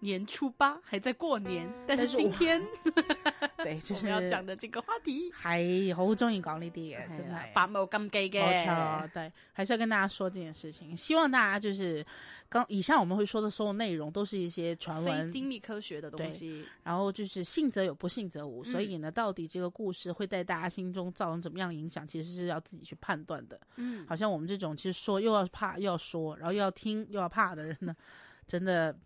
年初八還在過年，但是今天， 對，就是要講的這個話題，係好中意講呢啲嘢，真的，八、哎、毛咁計嘅，對，還是要跟大家說這件事情。希望大家就是剛以上我們會說的所有內容，都是一些傳聞、非精密科學的東西。然後就是信則有，不信則無。嗯、所以呢，到底這個故事會在大家心中造成怎麼樣影響，其實是要自己去判斷的。嗯，好像我們這種其實說又要怕又要說，然後又要聽又要怕的人呢，真的。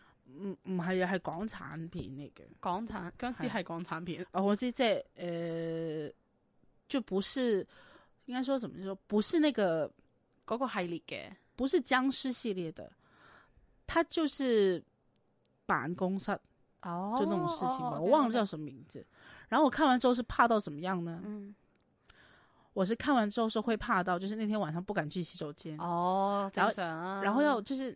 唔唔係啊，係港產片嚟嘅。港產僵屍係港產片，哦。我知即係誒，就不是應該說什麼？說不是那個嗰個海里嘅，不是僵屍系列的，它就是辦公室，哦，oh, 就那種事情、oh, okay, okay. 我忘了叫什麼名字。然後我看完之後是怕到什麼樣呢？嗯、我是看完之後是會怕到，就是那天晚上不敢去洗手間。哦、oh, 啊，然後然後要就是。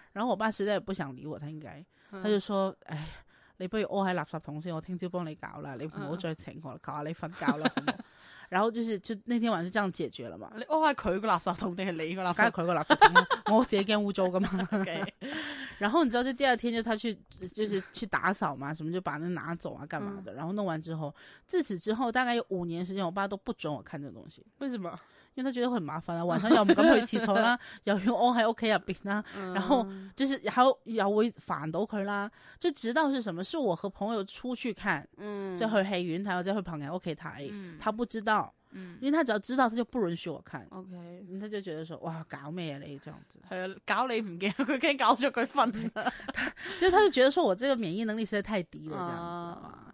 然後我爸實在也不想理我，他應該、嗯、他就說，哎你不如屙喺垃圾桶先，我聽朝幫你搞啦，你唔好再請我、嗯、搞下、啊、你瞓覺啦， 好冇？然後就是就那天晚上就這樣解決了嘛。你屙喺佢個垃圾桶定係你個垃圾佢個垃圾桶？我自己驚污糟㗎嘛。 Okay 然後你知道，就第二天就他去，就是去打掃嘛，什麼就把那拿走啊，幹嘛的？嗯、然後弄完之後，自此之後大概有五年時間，我爸都不准我看這個東西。為什麼？因為他覺得很麻煩啊，晚上又唔敢去廁所啦， 又要屙喺屋企入邊啦， 然後就是又會煩到佢啦。就直到是什麼，是我和朋友出去看，嗯、就去戲院睇，或者去朋友屋企睇，嗯、他不知道，嗯，因為他只要知道，他就不允許我看，O Okay K，他就覺得說，哇，搞咩啊你這樣子，係啊，搞你唔驚，佢驚搞咗佢瞓啊，即 係他，他就覺得說我這個免疫能力實在太低了，這樣子。啊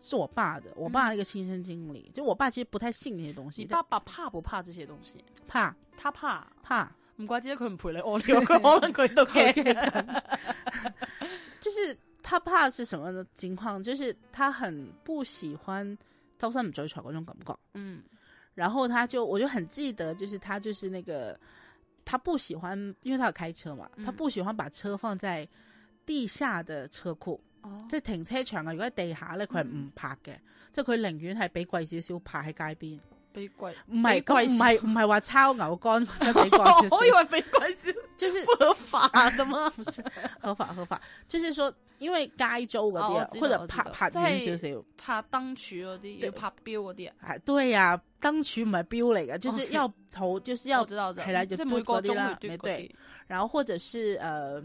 是我爸的，我爸的一個親身經歷，嗯、就我爸其實不太信那些東西。你爸爸怕不怕這些東西？怕，他怕，怕。唔怪之得佢唔陪你屙尿，佢可能佢都驚。就是他怕是什麼情況？就是他很不喜歡招商門朝去朝觀眾搞唔搞？嗯。然後他就，我就很記得，就是他就是那個，他不喜歡，因為他有開車嘛，嗯、他不喜歡把車放在地下的車庫。即係停車場啊！如果喺地下咧，佢係唔拍嘅，即係佢寧願係比貴少少拍喺街邊。比貴唔係，唔係唔係話抄牛乾，或者比貴少。我以為比貴少，少，是不合法的嘛？合法合法，就是說因為街租嗰啲，或者拍拍遠少少，拍燈柱嗰啲，要拍標嗰啲啊。係對呀，燈柱唔係標嚟㗎，就是要好，就是要知道就係啦，就冇嗰啲啦，對。然後或者是誒。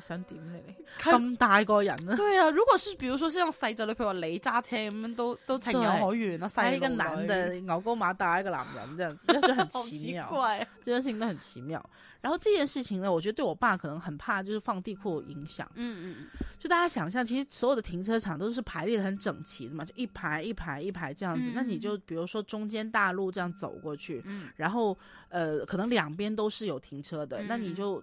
想點你？咁他大個人啦、啊！對啊，如果是比如，比如說像我細仔朋友，譬如話你揸車咁樣都都情有可原啦。對一個男的， 牛高馬大，一個男人咁樣，這樣子，就係很奇妙。這件事情都很奇妙。然後這件事情呢，我覺得對我爸可能很怕，就是放地庫影響、嗯。嗯嗯嗯。就大家想象，其實所有的停車場都是排列很整齊的嘛，就一排一排一排這樣子。那、嗯、你就，比如說中間大路這樣走過去，嗯、然後，呃，可能兩邊都是有停車的，那、嗯、你就。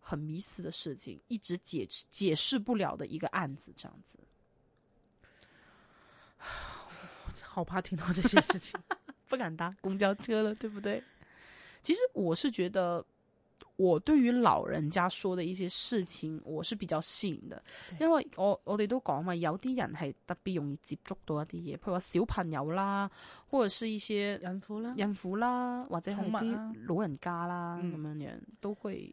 很迷思的事情，一直解釋解釋不了的一個案子，這樣子， 我好怕聽到這些事情， 不敢搭公交車了，對不對？ 其實我是覺得，我對於老人家說的一些事情，我是比較信的，對因為我我哋都講嘛，有啲人係特別容易接觸到一啲嘢，譬如話小朋友啦，或者是一些孕婦啦，孕婦啦，或者係啲老人家啦，咁、啊、樣樣、嗯、都會。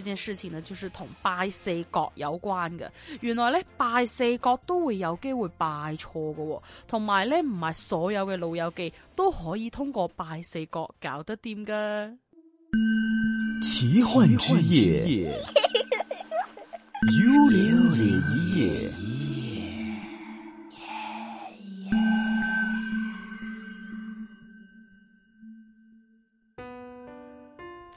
這件事情呢，就是同拜四角有關嘅。原來咧，拜四角都會有機會拜錯嘅，同埋咧，唔係所有嘅老友記都可以通過拜四角搞得掂噶。奇幻之夜，幽靈夜。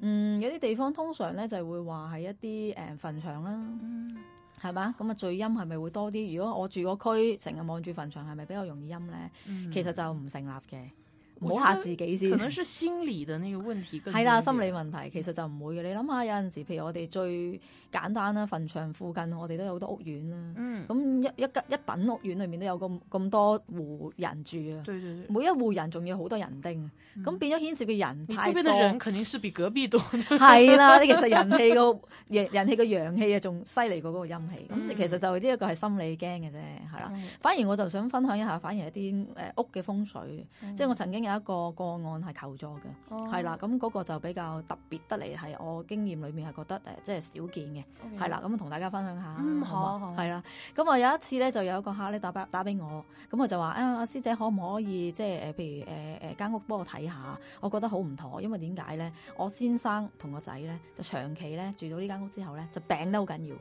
嗯，有啲地方通常咧就會話係一啲誒、呃、墳場啦，係嘛，mm.？咁啊最陰係咪會多啲？如果我住個區成日望住墳場，係咪比較容易陰咧？Mm. 其實就唔成立嘅。摸下自己先，可能是心理的呢個問題。係啦，心理問題其實就唔會嘅。你諗下，有陣時，譬如我哋最簡單啦，墳場附近，我哋都有好多屋苑啦。咁一一一等屋苑裏面都有咁咁多戶人住啊。每一戶人仲要好多人丁，咁變咗牽涉嘅人。你這邊的人肯定是比隔壁多。係啦，其實人氣個陽人氣個陽氣啊，仲犀利過嗰個陰氣。咁其實就呢一個係心理驚嘅啫，係啦。反而我就想分享一下，反而一啲誒屋嘅風水，即係我曾經。有一個個案係求助嘅，係啦、oh.，咁嗰個就比較特別得嚟，係我經驗裏面係覺得誒，即係少見嘅，係啦 Okay.，咁同大家分享下，係啦、嗯，咁啊吧有一次咧，就有一個客咧打俾打俾我，咁我就話誒，阿、啊、師姐可唔可以即係誒，譬如誒誒間屋幫我睇下，oh. 我覺得好唔妥，因為點解咧？我先生同個仔咧就長期咧住到呢間屋之後咧就病得好緊要，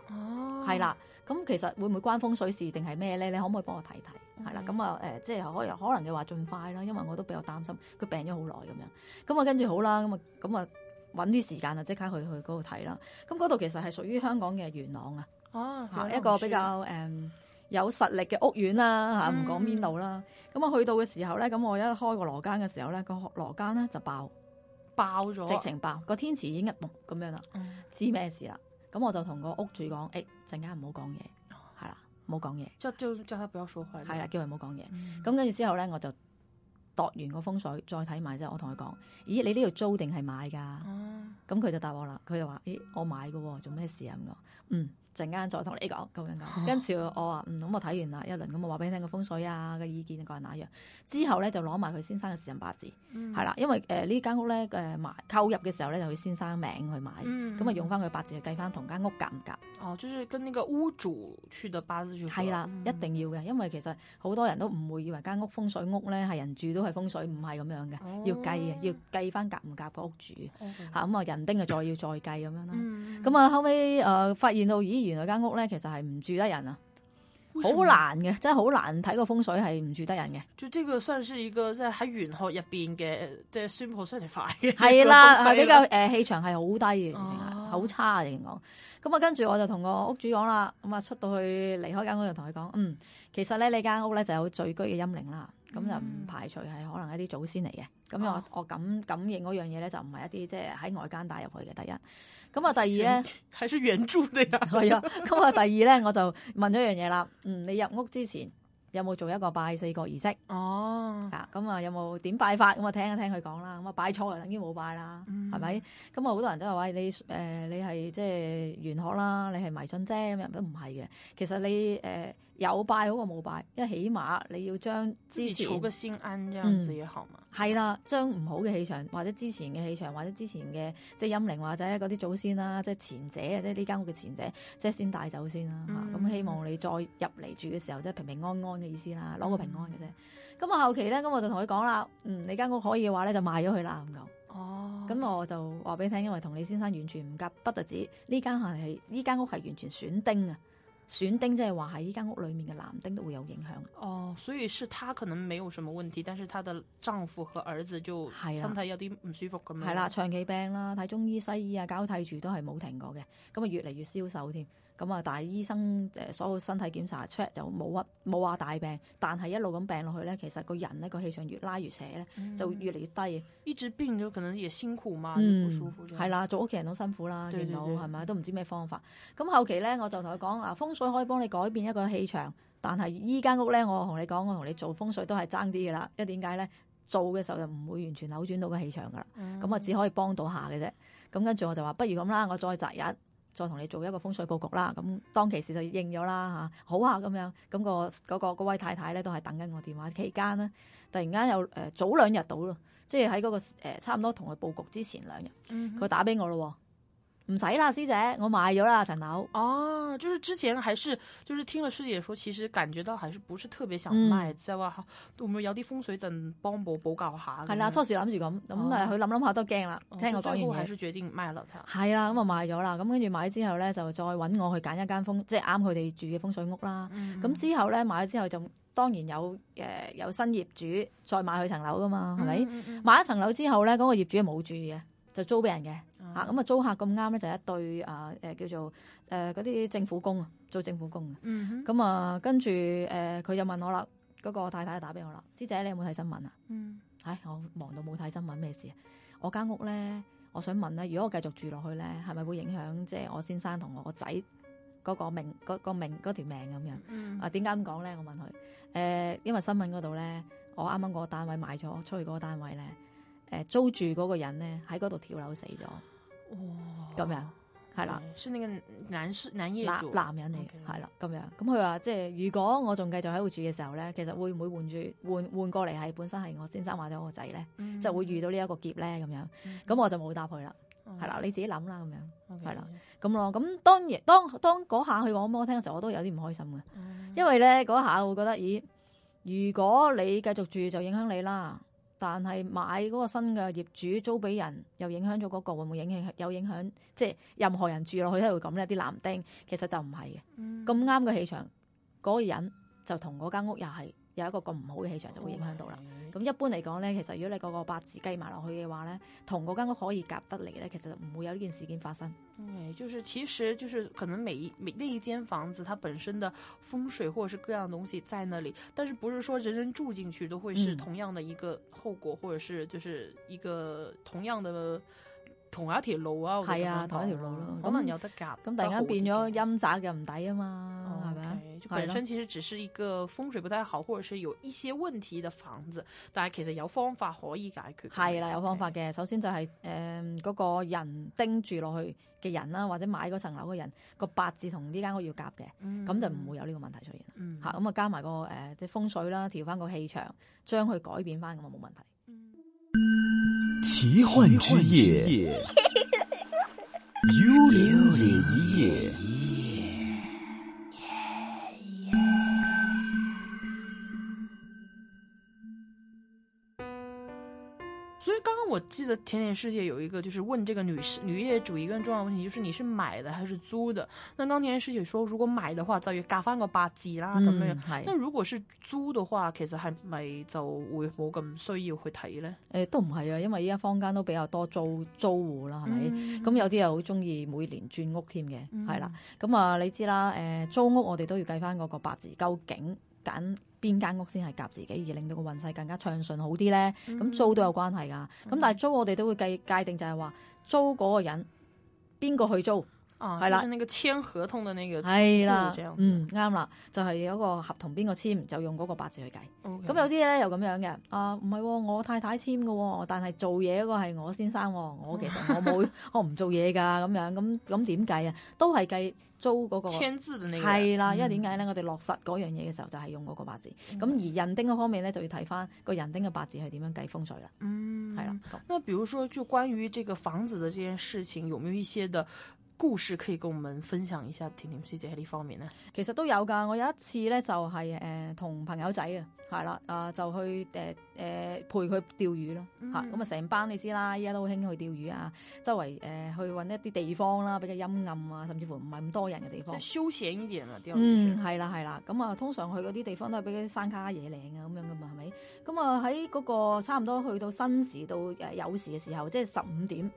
係啦、oh.。咁其實會唔會關風水事定係咩咧？你可唔可以幫我睇睇？係啦、mm，咁啊誒，即係可可能你話盡快啦，因為我都比較擔心佢病咗好耐咁樣。咁啊跟住好啦，咁啊咁啊搵啲時間就即刻去去嗰度睇啦。咁嗰度其實係屬於香港嘅元朗啊，嚇一個比較誒、um, 有實力嘅屋苑啦，嚇唔講邊度啦。咁啊、mm hmm. 去到嘅時候咧，咁我一開個羅間嘅時候咧，個羅間咧就爆爆咗了，直情爆個天池已經入夢咁樣啦，知咩事啦？咁我就同個屋主講，誒、欸，陣間唔好講嘢，係啦，唔好講嘢。就就叫他不要說話。係啦、哦，叫佢唔好講嘢。咁跟住之後咧，我就度完個風水，再睇埋之後。我同佢講，咦，你呢度租定係買噶？哦，咁佢就答我啦，佢就話，咦、欸，我買噶，做咩事啊？咁個，嗯。陣間再同你講咁樣講，跟住我話咁蛤我睇、嗯、完啦一輪，咁我話俾你聽個風水啊嘅意見個係哪樣？之後咧就攞埋佢先生嘅時辰八字，係啦、嗯，因為誒、呃、呢間屋咧誒買購入嘅時候咧就佢先生名字去買，咁啊、嗯嗯、用翻佢八字去計翻同間屋夾唔夾？哦，即係跟呢個屋主住的八字住。係啦的，嗯、一定要嘅，因為其實好多人都唔會以為這間屋風水屋咧係人住都係風水，唔係咁樣嘅、哦，要計嘅，要計翻夾唔夾個屋主嚇咁啊人丁啊再要再計咁樣啦。咁啊、嗯、後尾誒、呃、發現到咦？原來間屋咧，其實係唔住得人啊，好難嘅，真係好難睇個風水係唔住得人嘅。就呢個算是一個即係喺玄學入邊嘅，即係宣布出嚟，快嘅。係啦，係比較誒氣場係好低嘅，好差嚟講。咁啊，跟住我就同個屋主講啦。咁啊，出到去離開間屋就同佢講，嗯，其實咧呢間屋咧就有聚居嘅陰靈啦。咁、嗯、就唔排除係可能一啲祖先嚟嘅，咁我、哦、我感感應嗰樣嘢咧就唔係一啲即係喺外間帶入去嘅。第一，咁啊第二咧係出原著嚟㗎。係啊， 咁啊第二咧我就問咗樣嘢啦。嗯，你入屋之前有冇做一個拜四角儀式？哦，啊，咁啊有冇點拜法？咁啊聽一聽佢講啦。咁啊拜錯啦等於冇拜啦，係咪、嗯？咁啊好多人都話喂你誒你係即係玄學啦，你係、呃呃呃呃、迷信啫咁樣都唔係嘅。其實你誒。呃有拜好過冇拜，因為起碼你要將之前嘅先恩，是安這樣最好嘛。係啦、嗯，將唔好嘅氣場，或者之前嘅氣場，或者之前嘅即係陰靈或者嗰啲祖先啦、啊，即係前者，即係呢間屋嘅前者，即係先帶走先啦、啊。咁、嗯嗯、希望你再入嚟住嘅時候，即係平平安安嘅意思啦，攞個平安嘅啫。咁我、嗯、後期咧，咁我就同佢講啦，嗯，你間屋可以嘅話咧，就賣咗佢啦咁哦。咁我就話俾你聽，因為同你先生完全唔夾，不特止呢間係，呢間屋係完全選丁啊。選丁即係話喺呢間屋裏面嘅男丁都會有影響。哦，所以是她可能沒有什麼問題，但是她的丈夫和兒子就身體有啲唔舒服咁樣。係啦，係啦，係啦，長期病啦，睇中醫西醫啊，交替住都係冇停過嘅，咁啊越嚟越消瘦添。咁啊，但係醫生所有身體檢查 check 就冇乜冇話大病，但係一路咁病落去咧，其實個人咧個氣場越拉越斜咧，就越嚟越低、嗯。一直病咗，可能也辛苦嘛，又唔舒服。係啦、嗯樣，做屋企人都辛苦啦，見到係咪都唔知咩方法？咁後，後期咧，我就同佢講啦，風水可以幫你改變一個氣場，但係依間屋咧，我同你講，我同你做風水都係爭啲嘅啦。因為點解咧？做嘅時候就唔會完全扭轉到個氣場噶啦，咁啊、嗯、只可以幫到下嘅啫。咁跟住我就話，不如咁啦，我再擇日。再同你做一個風水布局啦，咁當其時就應咗啦吓，好啊，咁樣，咁、嗰個嗰、嗰個嗰位、嗰個嗰個、太太咧都係等緊我電話，期間咧突然間又誒早兩日到咯，即係喺嗰個誒、呃、差唔多同佢布局之前兩日，佢、嗯、哼打俾我咯。唔使啦，師姐，我買咗啦層樓。哦、啊，就是之前還是，就是聽了師姐說，其實感覺到還是不是特別想賣，即係話會唔會有啲風水陣幫補補救下？係啦，初時諗住咁，咁誒佢諗諗下都驚啦。哦、聽我講完嘢。係啦，咁、嗯、啊、嗯、買咗啦，咁跟住買咗之後咧，就再搵我去揀一間風，即係啱佢哋住嘅風水屋啦。咁、嗯、之後咧買咗之後就當然有誒、呃、有新業主再買佢層樓噶嘛，係咪？嗯嗯嗯買咗層樓之後咧，嗰、那個業主冇住嘅。就租俾人嘅嚇，咁、嗯、啊租客咁啱咧就一對啊誒、呃、叫做誒嗰啲政府工啊，做政府工嘅。咁啊跟住誒佢就問我啦，嗰、那個太太嗰個太太就打俾我啦，師姐你有冇睇新聞啊？嗯，唉我忙到冇睇新聞咩事啊？我間屋咧，我想問咧，如果我繼續住落去咧，係咪、嗯、會影響即係、就是、我先生同我個仔嗰、嗰個命嗰個命嗰條命咁樣？嗯、啊點解咁講咧？我問佢誒、呃，因為新聞嗰度咧，我啱啱嗰個單位賣咗出去嗰個單位咧。誒，租住嗰個人咧喺嗰度跳樓死咗，哇！咁樣係啦，算你是那個男業主，男，男，男人嚟，係啦 Okay.，咁樣。咁佢話即係如果我仲，繼續喺度住嘅時候咧，其實會唔會換住換換過嚟，係本身係我先生或者我個仔咧，嗯、就會遇到呢一個劫咧咁樣。咁、嗯、我就冇搭佢啦，係啦 Okay.，你自己諗啦咁樣，係啦 Okay.，咁咯。咁當然當當嗰下佢講俾我聽嘅時候，我都有啲唔開心嘅，嗯、因為咧嗰下我會覺得，咦，如果你繼續住就影響你啦。但係買嗰個新嘅業主租俾人，又影響咗嗰個，會唔會影響有影響？即係任何人住落去都係咁咧，啲藍丁其實就唔係嘅。咁啱嘅氣場，嗰個人就同嗰間屋又係。有一個咁唔好嘅氣場，就會影響到啦。咁、oh, right. 一般嚟講咧，其實如果你嗰個八字計埋落去嘅話咧，同嗰間屋可以夾得嚟咧，其實就唔會有呢件事件發生。對，okay, 就是其實就是可能每一每那一間房子，它本身嘅風水或者是各樣東西在那裏，但是不是說人人住進去都會是同樣的一個後果，mm. 或者是就是一個同樣的同一條路啊，係啊，同一條路咯，啊。可能有得夾？咁突然間變咗陰宅嘅唔抵啊嘛！Oh. 就本身其實只是一個風水不太好，或者是有一些問題的房子，但係其實有方法可以解決。係啦，有方法嘅。首先就係誒嗰個人盯住落去嘅人啦，或者買嗰層樓嘅人個八字同呢間屋要夾嘅，咁、嗯、就唔會有呢個問題出現。吓咁、嗯、啊，加埋、那個誒即係風水啦，調翻個氣場，將佢改變翻咁啊，冇問題。奇幻之夜，幽靈 夜。天天世界有一個，就是問這個女士女業主義一個人重要問題，就是你是買的還是租的？那當天世界說如果買的話，就要噶翻個八字啦咁樣。係、嗯，但如果是租的話，其實係咪就會冇咁需要去睇咧？誒，都唔係啊，因為依家坊間都比較多租租戶啦，係咪？咁、嗯、有啲又好中意每年轉屋添嘅，係、嗯嗯、啦。咁啊，你知啦，誒、呃，租屋我哋都要計翻嗰個八字，究竟？揀邊間屋先係夾自己，而令到個運勢更加暢順好啲咧。咁、mm hmm. 租都有關係㗎，咁、mm hmm. 但係租我哋都會計界定，就係話租嗰個人邊個去租。啊，係啦，那個簽合同的那個，係啦了，是嗯，啱啦，就係、是、嗰個合同邊個簽就用嗰個八字去計。咁 Okay. 有啲嘢咧又咁樣嘅，啊，唔係、哦，我太太簽嘅、哦，但係做嘢嗰個係我先生、哦， 我其實我冇，我唔做嘢噶，咁樣，咁咁點計啊？都係計租嗰個，簽字的那個，係啦，因為點解咧？我哋落實嗰樣嘢嘅時候就係用嗰個八字。咁而人丁嗰方面咧就要睇翻個人丁嘅八字係點樣計風水啦。嗯，係、嗯、啦、嗯嗯嗯。那比如說就關於這個房子的這件事情，有沒有一些的，故事可以跟我們分享一下，甜甜師姐喺呢方面咧，其實都有噶。我有一次咧就係誒同朋友仔啊，係啦啊就去誒誒、呃呃、陪佢釣魚啦吓，咁啊成班你知道啦，依家都好興去釣魚啊，周圍誒、呃、去搵一啲地方啦，比較陰暗啊，甚至乎唔係咁多人嘅地方，即係休閒呢啲人啊，釣魚嗯。嗯，係啦係啦，咁啊通常去嗰啲地方都係俾啲山卡野嶺啊咁樣噶嘛，係咪？咁啊喺嗰個差唔多去到新時到誒有時嘅時候，即係十五點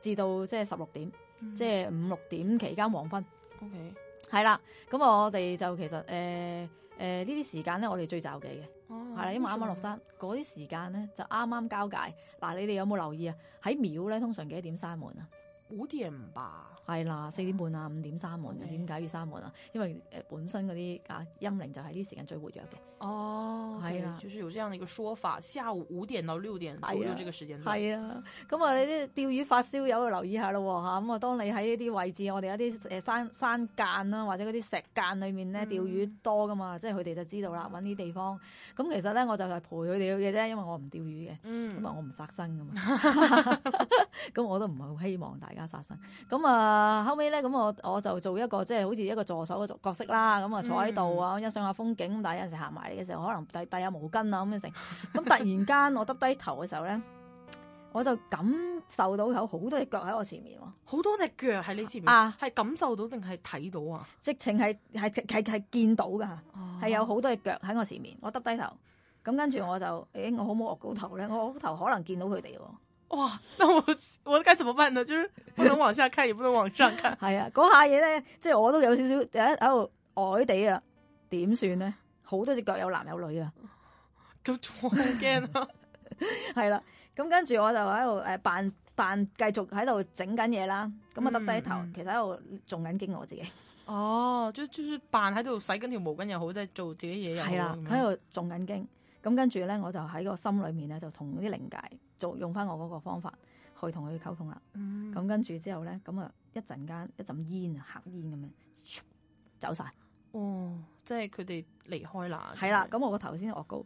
至到即係十六點。嗯、即係五六點期間黃昏，OK，係啦。咁啊，我哋就其實誒誒呢啲時間咧，我哋最忌嘅嘅，係啦，因為啱啱落山嗰啲的時間咧就啱啱交界。嗱，你哋有冇留意啊？喺廟咧通常幾點閂門啊？嗰啲嘢唔吧。係啦，四點半啊，五點閂門嘅，點解要閂門啊？因為誒本身嗰啲啊陰靈就喺呢時間最活躍嘅。哦、oh, okay, 的，係啦，即係好似有呢個說法，下午五點到六點左右呢個時間段。係啊，咁啊，啲釣魚發燒友去留意一下咯喎嚇，咁啊，當你喺呢啲位置，我哋一啲誒山山澗啦，或者嗰啲石澗裏面咧釣魚多噶嘛，嗯、即係佢哋就知道啦，揾啲地方。咁其實咧，我就係陪佢釣嘅啫，因為我唔釣魚嘅，咁啊、嗯，因為我唔殺生噶嘛，咁 我都唔係好希望大家殺生，咁啊。啊，uh, 後尾咧，咁我我就做一個即係、就是、好似一個助手嘅角色啦。咁啊，坐喺度啊，欣賞下風景。但有陣時行埋嚟嘅時候，可能帶帶下毛巾啊咁樣成。咁突然間我耷低頭嘅時候咧， 我就感受到有好多，多隻腳喺我前面喎。好多隻腳喺你前面啊？係感受到定係睇到啊？直情係係係係見到㗎，係、啊、有好多隻腳喺我前面。我耷低頭，咁跟住我就，誒、欸，我好唔好擱高頭咧。我擱高頭可能見到佢哋喎。哇！那我我該怎麼辦呢？就是不能往下看，也不能往上看。係 啊，講下嘢咧，即係我都有少少第喺度呆地啦，點算呢？好多隻腳，有男有女 啊！咁、 啊、我驚、呃、啦。係啦、嗯，咁跟住我就喺度誒扮扮繼續喺度整緊嘢啦。咁啊耷低頭，其實喺度誦緊經我自己。哦，即係即係扮喺度洗緊條毛巾又好，即係做自己嘢又好，係啦、啊，喺度誦緊經。咁跟住咧，我就喺個心裏面咧，就同啲靈界就用翻我嗰個方法去同佢溝通啦。咁、嗯、跟住之後咧，咁啊一陣間一陣煙啊，黑煙咁樣咻走曬。哦，即係佢哋離開啦。係啦的，咁對我個頭先惡高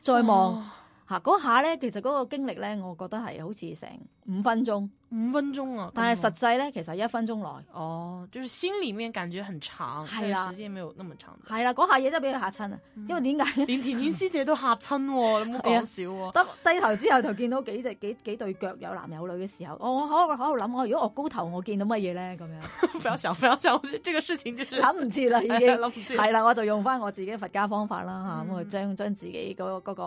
再望嚇嗰下咧，其實嗰個經歷咧，我覺得係好似成五分鐘。五分鐘啊，但係實際咧，其實一分鐘來哦，就是心裏面感覺很長，係啊，時間沒有那麼長。係啦，嗰下嘢真係俾佢吓親啊！嗯、因為點解連田師姐都吓親、喔？嗯、你唔好講笑喎、啊、得、啊、低頭之後就見到幾隻幾幾對腳，有男有女嘅時候，我我喺度喺度諗，如果我高頭我看，我見到乜嘢咧？咁樣， 不要想，不要想，我、這、呢個事情就諗唔切啦，不已經諗唔係啦，我就用翻我自己佛家方法啦吓，咁我將將自己嗰嗰、那個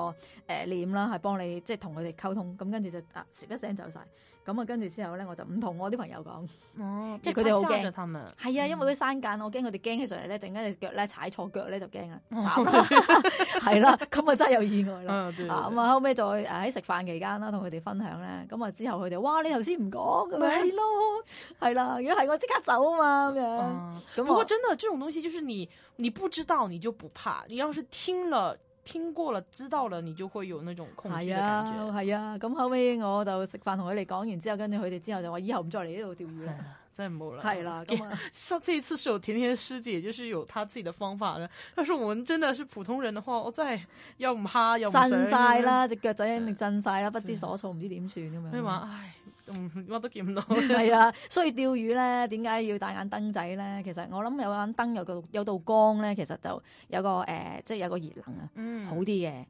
誒念啦、係、那、幫、個呃、你即係同佢哋溝通、咁、嗯、跟住就啊，一聲就走晒。咁啊，跟住之後咧，我就唔同我啲朋友講，即係佢哋好驚，係啊，因為啲山澗，我驚佢哋驚起上嚟咧，陣間你腳咧踩錯腳咧就驚啊，係啦，咁啊真係有意外啦。咁啊，後尾再誒喺食飯期間啦，同佢哋分享咧，咁啊之後佢哋哇，你頭先唔講咁咪係咯，係啦，如果係我即刻走啊嘛咁樣。不過真的，呢種東西就是你你不知道，你就不怕；你要是聽聽過了，知道了，你就會有那種控制嘅感覺。係啊，咁、啊、後尾我就食飯同佢哋講完之後，跟住佢哋之後就話：以後唔再嚟呢度釣魚啦，真係冇啦。係啦，咁。像這一次是有甜甜師姐，就是有她自己的方法啦。但是我真的是普通人的話，我真係又唔怕，又震晒啦， 隻腳仔肯定震晒對啦，不知所措，唔知點算啊嘛。你話唉。嗯，乜 都見唔到。係 啊，所以釣魚咧，點解要帶眼燈仔咧？其實我諗有眼燈有個有道光咧，其實就有個誒、呃，即係有個熱能啊，嗯、好啲嘅，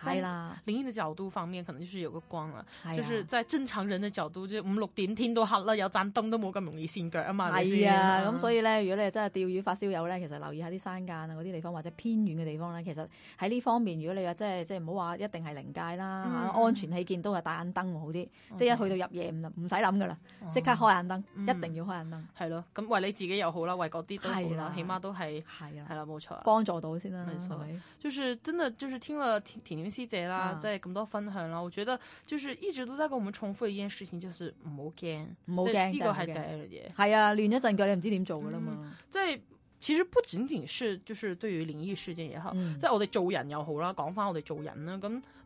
係啦、嗯。另一個角度方面，可能就是有個光啦，係啊。是啊就是在正常人嘅角度，就五、是、六點天都黑啦，有盞燈都冇咁容易跣腳啊嘛，係啊。咁、啊嗯、所以咧，如果你真係釣魚發燒友咧，其實留意下啲山間啊嗰啲地方，或者偏遠嘅地方咧，其實喺呢方面，如果你話即係即係唔好話一定係靈界啦，嗯、安全起見、嗯、都係帶眼燈好啲，Okay. 即係一去到入夜。唔使諗噶啦，即刻開眼燈，一定要開眼燈。係咯，咁為你自己又好啦，為嗰啲都好啦，起碼都係係啊，係啦，冇錯，幫助到先啦，冇錯。就是真的，就是聽了甜甜啲姐啦，即係咁多分享啦，我覺得就是一直都在跟我們重複一件事情，就是唔好驚，唔好驚。呢個係第一樣嘢，係啊，亂一陣腳你唔知點做噶啦嘛。即係其實不僅僅是，就是對於靈異事件也好，即係我哋做人又好啦。講翻我哋做人啦，咁。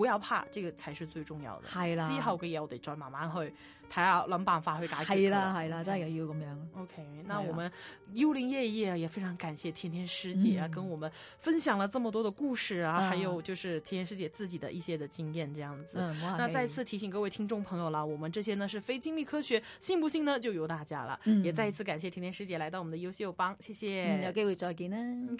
不要怕，這個才是最重要的。係啦，之後嘅嘢我哋再慢慢去睇下，諗辦法去解決。係啦，係啦，真係又要咁樣。OK，啦那我們幽靈夜夜也非常感謝甜甜師姐啊，嗯、跟我們分享了這麼多的故事啊，嗯、還有就是甜甜師姐自己的一些的經驗，這樣子。嗯、那再次提醒各位聽眾朋友啦，我們這些呢是非精密科學，信不信呢就由大家啦。嗯、也再一次感謝甜甜師姐來到我們的優秀幫，謝謝。嗯、有機會再見啦。OK。